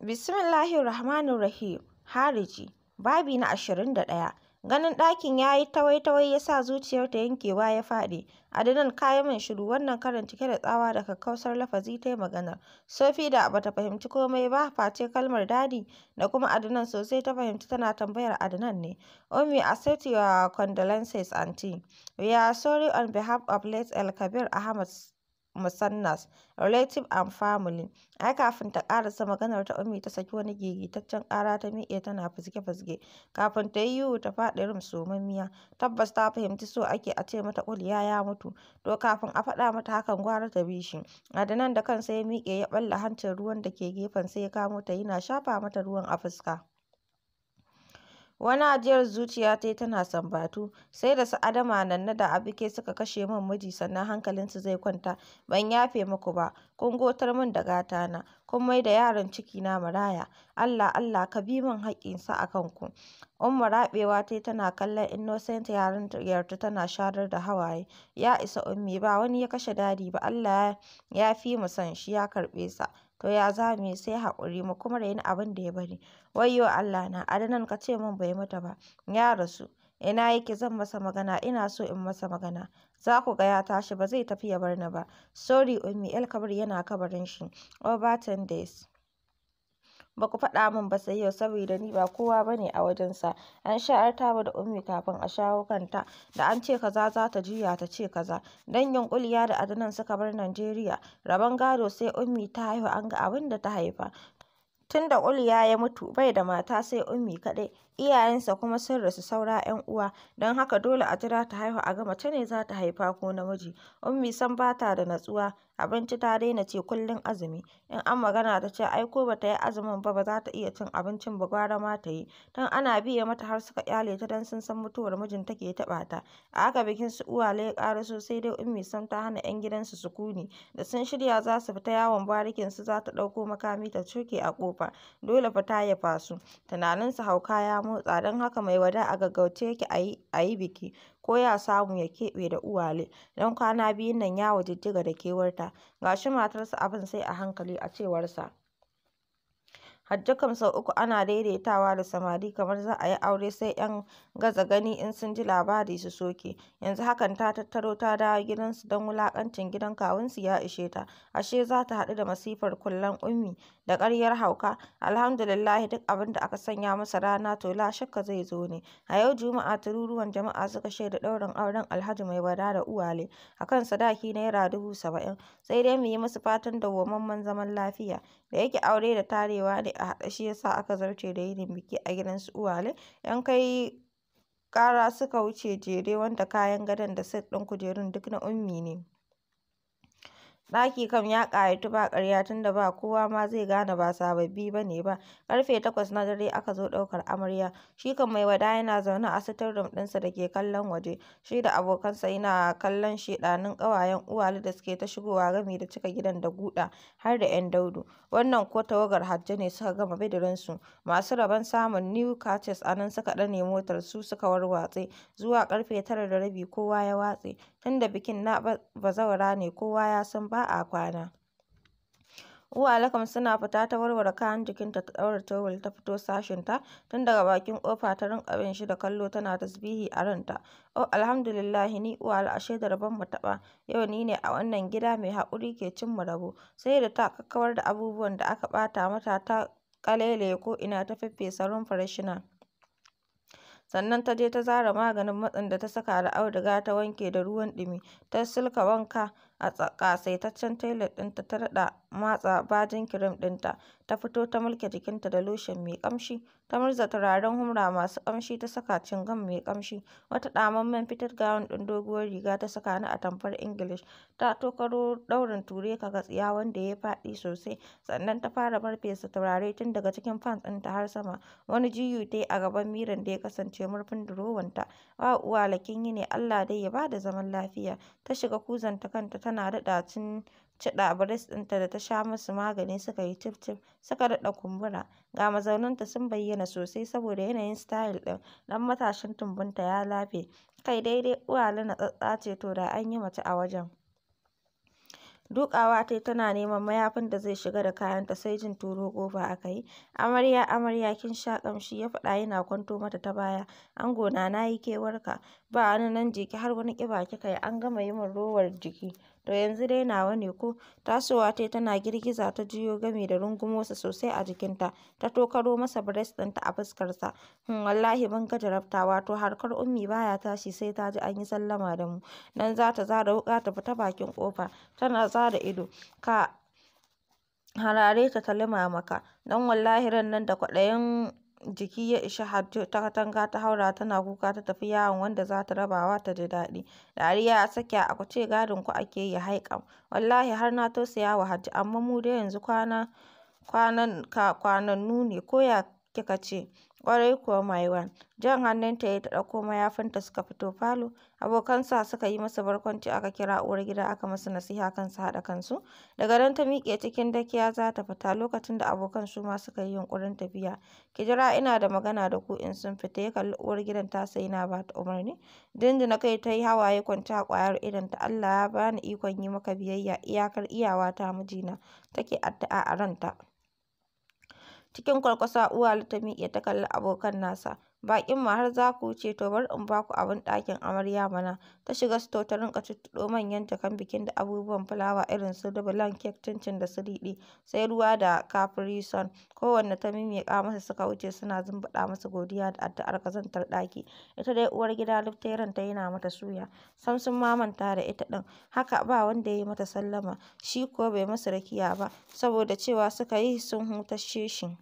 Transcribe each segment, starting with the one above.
Bismillahirrahmanirrahim. Hariji, babi na 21. Ganin ɗakin ya yi tawai-tawai ya sa zuciyar ta yankewa ya faɗi. Adnan kayan min shiru wannan karin cike da tsawa da kakkausar lafazi ta yi magana. Sophie da bata fahimci komai ba face kalmar dadi da kuma Adnan sosai ta fahimci tana tambayar Adinan ne. Omi accept your condolences aunty. We are sorry on behalf of late El Kabir Ahmad musannas (Relative and family) ai kafin ta ƙarasa maganar ta Ummi ta saki wani gigitaccen ƙara ta miƙe tana fusge-fusge kafin ta yi yiwu ta faɗi rum somammiya, tabbas ta fahimci so ake a ce mata kuliya ya mutu, to kafin a faɗa mata hakan gwara ta bi shi. Adnan da kansa ya miƙe ya ɓalla hancin ruwan da ke gefen sai ya kamo ta yana shafa mata ruwan a fuska. Wani ajiyar zuciya ta tana sambatu, “Sai da su Adama Nanne da Abike suka kashe min miji sannan hankalinsu zai kwanta, ban yafe muku ba, kun gotar min da gatana.” kun maida yaron cikina maraya, Allah Allah ka bi min haƙƙinsu a kanku. Umma raɓewa ta yi tana kallon Innocent yarinyarta tana sharar da hawaye. Ya isa Ummi ba wani ya kashe Dadi ba, Allah ya fi mu san shi ya karɓe sa. To ya za mu yi sai haƙuri mu kuma raini abin da ya bari. Wayyo Allah na, nan ka ce min bai mutu ba, ya rasu. Ina yake? Zan masa magana. Ina so in masa magana. Za ku ga ya tashi. Ba zai tafi ya bar ni ba. Sorry Ummi, kabir yana kabarin shi. Over ten days. ba ku faɗa min ba sai yau saboda ni ba kowa ba ne a sa an sha'arta mu da ummi kafin a shawo kanta da an ce kaza za ta juya ta ce kaza dangin kuliya da adnan suka bar najeriya rabon gado sai ummi ta haihu an ga abin da ta haifa tunda da ya mutu bai da mata sai ummi kaɗai Iyayensa kuma sun rasu saura 'yan uwa, don haka dole a jira ta haihu a gama mace ne za ta haifa ko namiji. Ummi san ba ta da natsuwa, abinci ta daina ce kullum azumi, in an magana ta ce ai ko ba yi azumin ba ba za ta iya cin abincin ba gwara ma ta yi, Don ana biya mata har suka kyale ta don sun san mutuwar mijin ke taɓa ta. A haka bikin su uwa ya ƙara sai dai Ummi san ta hana 'yan gidansu su sukuni, da sun shirya za su fita yawon barikinsu za ta ɗauko makami ta cuke a ƙofa, dole fa ta yafa su, tunaninsu hauka ya motsa, don haka mai wada a gaggauce yake a yi biki, ko ya samu ya keɓe da Uwale, don kwana biyun nan ya wajijjiga da kewarta, ga shi matarsa abin sai a hankali, a cewarsa. Hajjo kam sau uku ana daidaitawa da samari kamar za a yi aure sai 'yan gaza gani in sun ji labari su soke, yanzu hakan ta tattaro ta dawo gidansu don wulaƙancin gidan kawunsu ya ishe ta, ashe za ta haɗu da masifar kullen Ummi da ƙaryar hauka, alhamdulillahi duk abin da aka sanya masa rana to la shakka zai zo ne. A yau Juma'a tururuwan jama'a suka shaida ɗaurin auren Alhaji mai wada da Uwale a kan sadaki Naira dubu saba'in, sai dai mu yi musu fatan womamman zaman lafiya, da yake aure da tarewa ne a haɗe shi yasa aka zarce da yin biki a gidan su Uwale, 'yan kai kara suka wuce jere wanda kayan gadon da set ɗin kujerun duk na Ummi ne. Ɗaki kam ya ƙayatu ba ƙarya tunda ba kowa ma zai gane ba sababbi ba ne ba. Ƙarfe takwas na dare aka zo ɗaukar amarya. Shi mai wada yana zaune a sitin rum ɗinsa da ke kallon waje, shi da abokansa yana kallon shaiɗanun ƙawayen Uwale da suke ta shigowa gami da cika gidan da guɗa har da 'yan daudu. Wannan ko tawagar Hajjo ne suka gama bidirinsu, masu rabon samun new catches a nan suka ɗane su suka warwatse, zuwa ƙarfe tara da rabi kowa ya watse. tunda bikin na bazawara ne kowa ya san ba a kwana. Uwale kam suna fita ta warware kayan jikinta ta ɗaura towel ta fito sashinta, tun daga bakin ƙofa ta rinƙa bin shi da kallo tana tasbihi a ranta. Oh alhamdulillahi ni uwa ashe da rabon mu taɓa, yau ni ne a wannan gida mai haƙuri ke cin mu rabo, sai da ta kakkawar da abubuwan da aka ɓata mata ta ko ko'ina ta feffesa rum fareshina. sannan ta je ta zara maganin matsin da ta saka da auduga ta wanke da ruwan ɗumi, ta sulka wanka. a ƙasaitaccen toilet ɗinta ta daɗa matsa bajin kirim ɗinta, ta fito ta mulke jikinta da lotion mai ƙamshi, ta murza turaren humra masu ƙamshi ta saka cin gam mai ƙamshi, wata ɗamammen fitar gawun ɗin doguwar riga ta saka na atamfar Ingilish, ta tokaro ɗaurin ka ga tsiya wanda ya yi faɗi sosai, sannan ta fara farfesa turare tun daga cikin pants ɗinta har sama, wani juyi ta yi a gaban miran da ya kasance murfin durowanta, ba uwa lakin yi ne Allah dai ya bada zaman lafiya, ta shiga kuzanta kanta ta tana daɗa tuntuɗa breast ɗinta da ta sha musu magani suka yi cif-cif suka daɗa kumbura, ga mazauninta sun bayyana sosai saboda yanayin stayil ɗin, ɗan matashin tumbunta ya lafe, kai daidai uwa lina tsatsa ce to da an yi mace a wajen. dukawa ta tana neman mayafin da zai shiga da kayanta sai jin turo kofa aka yi. Amarya amarya kin sha ƙamshi ya faɗa yana kwanto mata ta baya. Angona na yi kewarka, ba wani nan jiki har wani kiba kika yi an gama yi min rowar jiki. To yanzu dai nawa ne ko? Tasowa ta tana girgiza ta jiyo gami da rungumo sosai a jikinta, ta tokaro masa bires ɗinta a fuskarsa. Hun hmm, wallahi ban ga harkar Ummi baya tashi sai ta ji an yi sallama da mu. Nan za ta zare wuka ta fita bakin kofa tana zare ido, ka harare ta kalima maka dan don wallahi ran nan da kwaɗayin jiki ya ishi Hajjo ta katanga ta haura tana kuka ta tafi yawon wanda za ta rabawa ta ji daɗi. Dariya a sake a kuce gadin ku ake yi haiƙam. Wallahi har na tausaya wa hajji amma mu dai yanzu kwana kwanan kwanannu ne ko ya kika ce? Ƙwarai kuwa my one. Jan hannunta ya yi ta ɗauko mayafinta suka fito falo. Abokansa suka yi masa barkwanci aka kira uwargida aka masa nasiha kan su haɗa kansu. Daga nan ta miƙe cikin dakiya za ta fita lokacin da abokan su ma suka yi yunƙurin tafiya. Ki jira ina da magana da ku in sun fita ya kalli uwargidan gidan tasa yana ba ta umarni. na kai ta yi hawaye kwance a ƙwayar idonta Allah ya bani ikon yi maka biyayya iyakar iyawata mijina take addu'a a ranta. Cikin kwarkwasa uwa ta miƙe ta kalli abokan nasa. Baƙin ma har za ku wuce to bar in baku ku abin ɗakin amarya mana. Ta shiga sito ta rinka tuttuɗo manyan jakan bikin da abubuwan fulawa irin su dubulan kek, cincin da su riɗi, sai ruwa da Capri Kowanne ta mimmiƙa masa suka wuce suna zumbuɗa masa godiya da addu'ar ƙazantar ɗaki. Ita dai uwar gida duk ta yana mata suya. Sam sun ma manta da ita ɗin. Haka ba wanda ya yi mata sallama, shi kuwa bai masa rakiya ba, saboda cewa suka yi sun hutashe shi.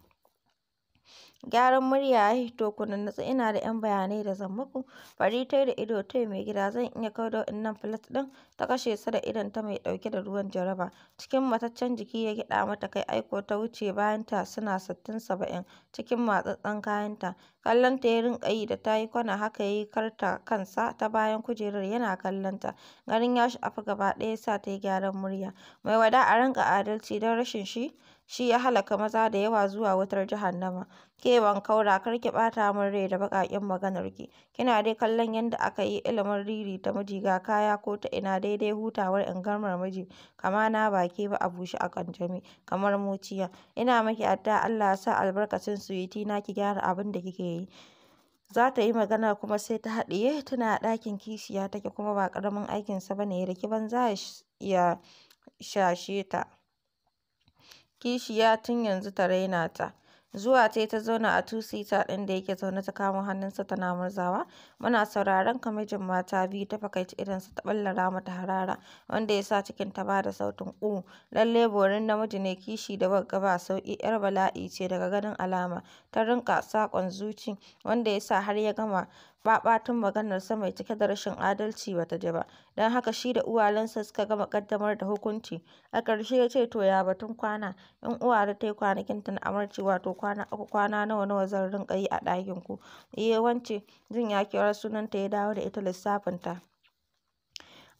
Gyaran murya ya hito ku nutsu ina da 'yan bayanai da zan muku. Fari ta da ido ta mai gida zan iya kauda nan filas ɗin ta kashe su da ta mai ɗauke da ruwan jaraba. Cikin mataccen jiki ya gida mata kai aiko ta wuce bayan ta suna sittin saba'in cikin matsattsen kayanta. ta ya rinka yi da ta yi kwana haka ya yi karta kansa ta bayan kujerar yana kallonta. garin ya sha'afu gaba ɗaya ya sa ta yi gyaran murya. Mai wada a rinka adalci don rashin shi. shi ya halaka maza da yawa zuwa wutar jahannama. Ke kaura, kar ki ɓata min rai da baƙaƙen maganarki, kina dai kallon yadda aka yi ilimin ririta miji ga kaya ko ta ina daidai hutawar ingarmar miji, kama na ba ba a bushe a ƙanjami, kamar muciya. Ina miki addu'a Allah ya sa albarkacin suwitina ki gyara abin da kike yi. za ta yi magana kuma sai ta haɗiye tana a ɗakin kishiya take kuma ba ƙaramin aikinsa ba ne ya za ya shashe ta kishiya tun yanzu ta raina ta. Zuwa ta ta zauna a two ɗin da yake zaune ta kamo hannunsa tana murzawa. Muna sauraron kamijin mata biyu ta fakaici idonsa ta ɓallara mata harara, wanda ya sa ta ba da sautin “uh”. Lallai borin namiji ne kishi da bagga ba sauƙi, 'yar bala'i ce daga ganin alama, ta rinka saƙon zuci, wanda ya sa har ya gama ɓatan maganarsa mai cike da rashin adalci ba ta ji ba, don haka shi da uwalinsa suka gama ƙaddamar da hukunci. A ƙarshe ya ce, to ya batun kwana, in da ta yi kwanakin ta na amarci wato kwana uku kwana nawa-nawa zan rinka yi a ɗakinku? Eh wance, jin ya kira sunanta ya dawo da ita lissafinta.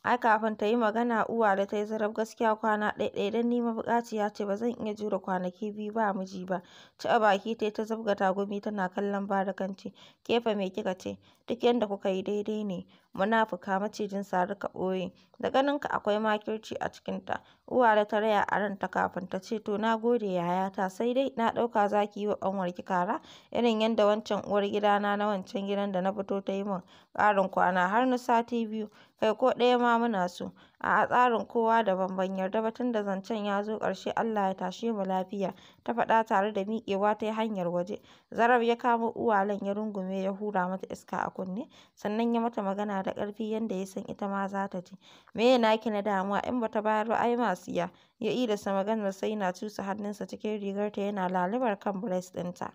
Ai kafin ta yi magana Uwale ta yi zaraf, gaskiya kwana ɗaya ɗai don ni mabuƙaciya ce, ba zan iya jure kwanaki biyu ba miji ba. ci a baki ta yi ta zabga tagumi tana kallon barikanci. Kefa mai me kika ce? Duk yadda kuka yi daidai ne. Munafuka, macijin sari ka ɓoye. Da ganinka akwai makirci a cikinta. da ta raya a ranta kafin ta ce, to na gode yayata, sai dai na ɗauka za ki yi wa ƙanwarki kara irin yadda wancan uwar gidana na wancan gidan da na fito ta yi min ƙarin kwana har na sati biyu, kai ko ɗaya ma muna so. A'a, tsarin kowa da ban yarda ba tunda zancen ya zo ƙarshe Allah ya tashe mu lafiya, ta faɗa tare da miƙewa ta yi hanyar waje. Zarar ya kamo Uwalan ya rungume ya hura mata iska a kunne, sannan ya mata magana da ƙarfi yanda ya san ita ma za ta ji. ye naki na damuwa, in ba ta bayar ba ai ma siya, ya idasa maganar sai yana cusa hannunsa cikin ta, yana lalubar kan bires ɗinta.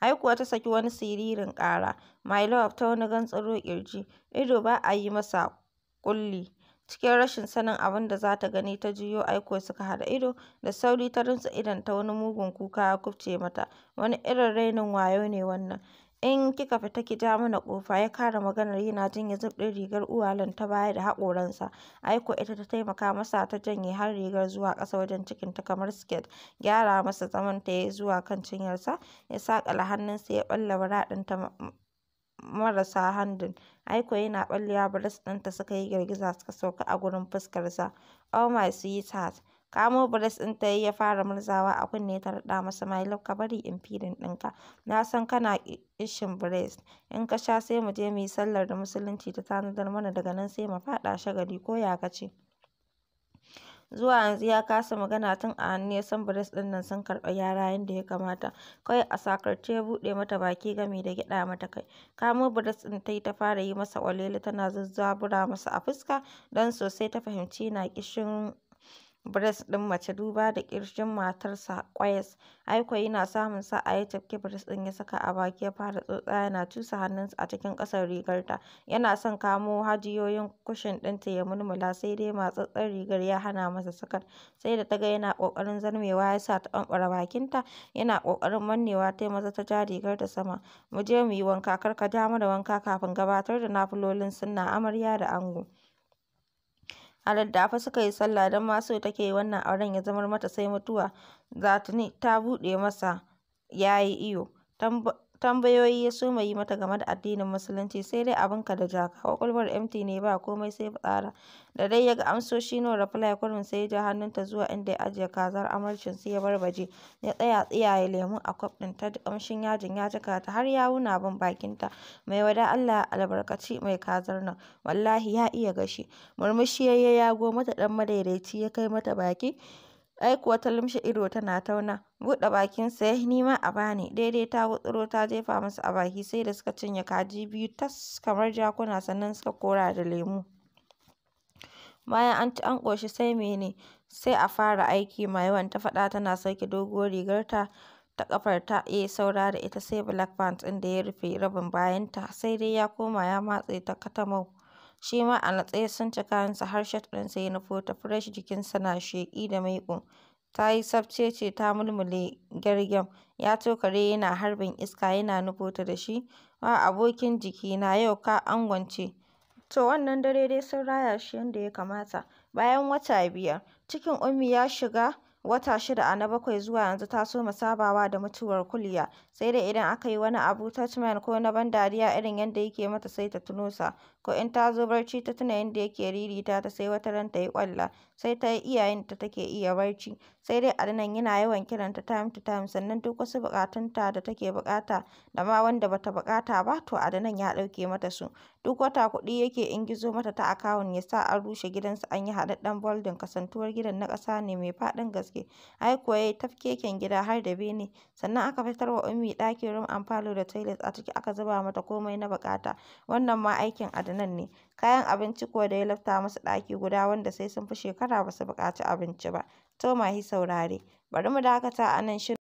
Ai kuwa ta saki wani siririn ƙara, my love ta wani gantsiro ƙirji, ido ba a yi masa ƙulli, cikin rashin sanin abin da za ta gani ta juyo aiko suka haɗa ido, da sauri ta rintsa idonta wani mugun kuka ya kubce mata, wani irin rainin wayo ne wannan, in kika fita ki ja mana ƙofa, ya kara maganar yana janye zip ɗin rigar uwalan ta baya da haƙoransa, aiko ita ta taimaka masa ta janye har rigar zuwa ƙasa wajen cikinta kamar siket, gyara masa zamanta ya yi zuwa kan cinyarsa, ya saƙale hannunsa ya ɓalla bra ɗinta marasa handun, ai yana ɓallewa bires ɗinta suka yi girgiza suka sauka a gurin fuskarsa. “Oh my sweetheart!” Kamo bires ɗinta ta ya fara murzawa a kunne ta raɗa masa, “My love, ka bari in feeding ɗinka, na san kana ishin bires, in ka sha sai mu je mu yi sallar da Musulunci ta tanadar mana daga nan sai mu faɗa shagali, ko ya ka ce?” Zuwa yanzu ya kasa magana tun a hannu ya san Brics ɗin nan sun karɓi gyara yadda ya kamata, kawai a sakarce ya buɗe mata baki gami da gyaɗa mata kai. Kamo Brics ɗin ta yi ta fara yi masa olele tana zazzabura masa a fuska don sosai ta fahimci yana ƙishin Breast ɗin mace duba da ƙirjin matarsa ƙwayas, ai kuwa yana samun sa'a ya tafki ɗin ya saka a baki ya fara tsotsa yana cusa hannunsa a cikin ƙasar rigarta, yana son kamo hajiyoyin kushin ɗinta ya mulmula sai dai matsattsen rigar ya hana masa sakar. sai da ta ga yana ƙoƙarin zarmewa ya sa ta ɓamɓare bakinta, yana ƙoƙarin mannewa ta yi maza ta ja rigarta sama, mu je mu yi wanka kar ka ja mana wanka kafin gabatar da na fulolin sunna amarya da ango. a daddafe suka yi sallah don ma so take wannan auren ya zamar mata sai mutuwa za ta buɗe masa ya yi iyo tambayoyi ya soma yi mata game da addinin Musulunci, sai dai ka da jaka, kwakwalwar MT ne ba komai sai tsara. da dai ya ga amsoshi no reply kurum sai ya ja hannunta zuwa inda ya ajiye kazar sai ya barbaje, ya tsaya tsiyaye lemun a kwaf ɗin ta kamshin yajin ya cika ta har ya wuna bin bakinta, mai wada Allah albarkaci mai kazar nan, wallahi ya iya gashi, murmushi ya yi ya yago mata ɗan madaidaici ya kai mata baki. Ai kuwa ta lumshe ido tana tauna, buɗe bakinsa ya yi, ni a bani daidai ta wutsuro ta jefa masa a baki sai da suka cinye kaji biyu tas kamar jakuna sannan suka kora da lemu. Bayan an ci an ƙoshi sai mene? Sai a fara aiki yawan ta faɗa tana sauke doguwar rigarta ta ƙafar ya yi eh, saura da ita sai black pant ɗin da ya rufe rabin bayanta sai dai ya koma ya matse ta katamau. shi ma a natse sun ci kayansa har shirt ɗinsa ya nufo ta, fresh jikinsa na sheƙi da maiƙo. Ta yi sabce-ce ta mulmule gyargyam, ya tokare yana harbin iska yana nufota da shi, Ba abokin jikina, yau ka angwance!” To wannan dare dai sun raya shi yadda ya kamata. Bayan wata biyar, cikin Ummi ya shiga Wata shida a na bakwai zuwa yanzu ta soma sabawa da mutuwar kuliya, sai dai idan aka yi wani abu Tudjman ko na ban dariya irin yadda yake mata sai ta tuno sa, ko in ta zo barci ta tuna yadda yake ririta ta sai wataran ta yi ƙwalla. sai ta yi iyayenta take iya barci, sai dai adanan yana yawan kiranta time to time sannan duk wasu ta da take bukata da ma wanda bata bukata ba to Adnan ya dauke mata su. Duk wata kuɗi yake ingizo mata ta akawun ya sa an rushe gidansu an yi haɗaɗɗen boldin kasantuwar gidan na kasa ne mai faɗin gaske. Ai kuwa tafkeken gida har da bene, sannan aka fitar wa Ummi ɗakin room and da toilet a ciki aka zuba mata komai na bukata Wannan ma aikin Adnan ne. Kayan abinci ko da ya lafta musu ɗaki guda wanda sai sun fi shekara ba su buƙaci abinci ba. To mahi saurare, bari mu dakata a nan shirin.